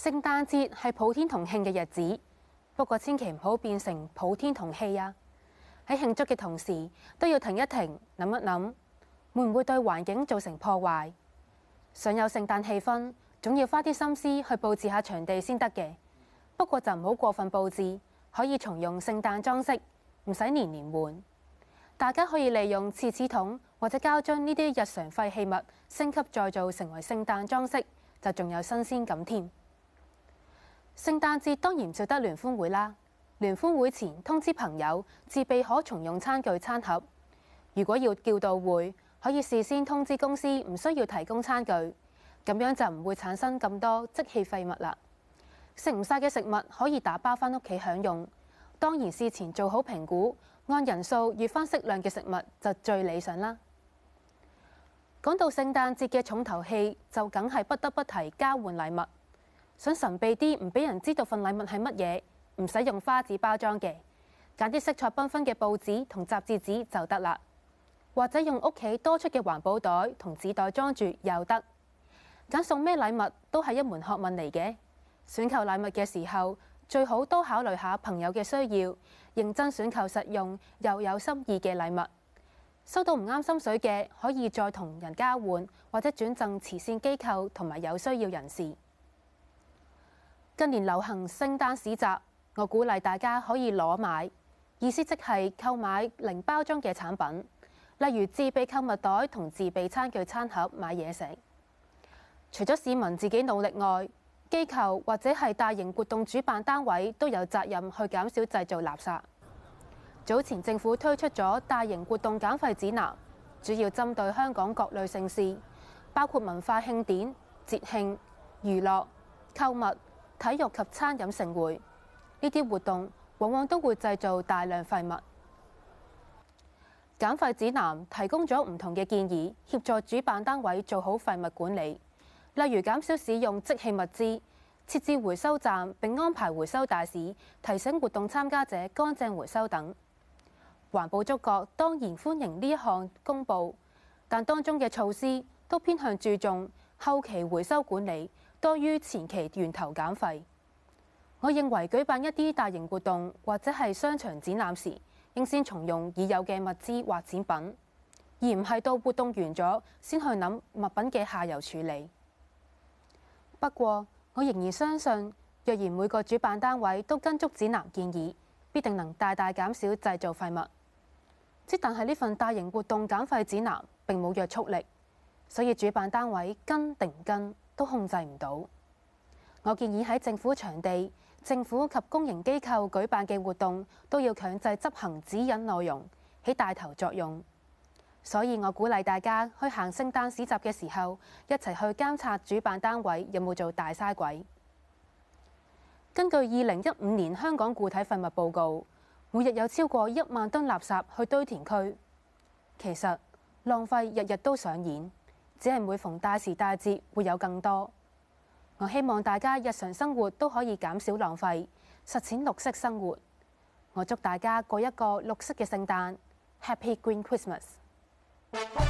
聖誕節係普天同慶嘅日子，不過千祈唔好變成普天同氣啊！喺慶祝嘅同時，都要停一停，諗一諗，會唔會對環境造成破壞？想有聖誕氣氛，總要花啲心思去佈置下場地先得嘅。不過就唔好過分佈置，可以重用聖誕裝飾，唔使年年換。大家可以利用廁紙筒或者膠樽呢啲日常廢棄物，升級再造成為聖誕裝飾，就仲有新鮮感添。聖誕節當然不少得聯歡會啦。聯歡會前通知朋友，自備可重用餐具餐盒。如果要叫到會，可以事先通知公司，唔需要提供餐具，咁樣就唔會產生咁多即棄廢物啦。食唔晒嘅食物可以打包返屋企享用，當然事前做好評估，按人數預返適量嘅食物就最理想啦。講到聖誕節嘅重頭戲，就梗係不得不提交換禮物。想神秘啲，唔俾人知道份禮物係乜嘢，唔使用花紙包裝嘅，揀啲色彩繽紛嘅報紙同雜誌紙就得啦。或者用屋企多出嘅環保袋同紙袋裝住又得。揀送咩禮物都係一門學問嚟嘅。選購禮物嘅時候，最好多考慮下朋友嘅需要，認真選購實用又有心意嘅禮物。收到唔啱心水嘅，可以再同人交換，或者轉贈慈善機構同埋有需要人士。今年流行聖誕市集，我鼓勵大家可以攞買，意思即係購買零包裝嘅產品，例如自備購物袋同自備餐具餐盒買嘢食。除咗市民自己努力外，機構或者係大型活動主辦單位都有責任去減少製造垃圾。早前政府推出咗大型活動減廢指南，主要針對香港各類盛事，包括文化慶典、節慶、娛樂、購物、體育及餐飲盛會，呢啲活動往往都會製造大量廢物。減廢指南提供咗唔同嘅建議，協助主辦單位做好廢物管理，例如減少使用即棄物資，設置回收站並安排回收大使，提醒活動參加者乾淨回收等。環保觸覺當然歡迎呢一項公佈，但當中嘅措施都偏向注重後期回收管理。多於前期源頭減廢，我認為舉辦一啲大型活動或者係商場展覽時，應先重用已有嘅物資或展品，而唔係到活動完咗先去諗物品嘅下游處理。不過，我仍然相信，若然每個主辦單位都跟足指南建議，必定能大大減少製造廢物。即，但係呢份大型活動減廢指南並冇約束力，所以主辦單位跟定跟都控制唔到。我建議喺政府場地、政府及公營機構舉辦嘅活動，都要強制執行指引內容，起帶頭作用。所以我鼓勵大家去行聖誕市集嘅時候，一齊去監察主辦單位有冇做大嘥鬼。根據二零一五年香港固體廢物報告，每日有超過一萬噸垃圾去堆填區。其實浪費日日都上演。只係每逢大時大節會有更多。我希望大家日常生活都可以減少浪費，實踐綠色生活。我祝大家過一個綠色嘅聖誕，Happy Green Christmas！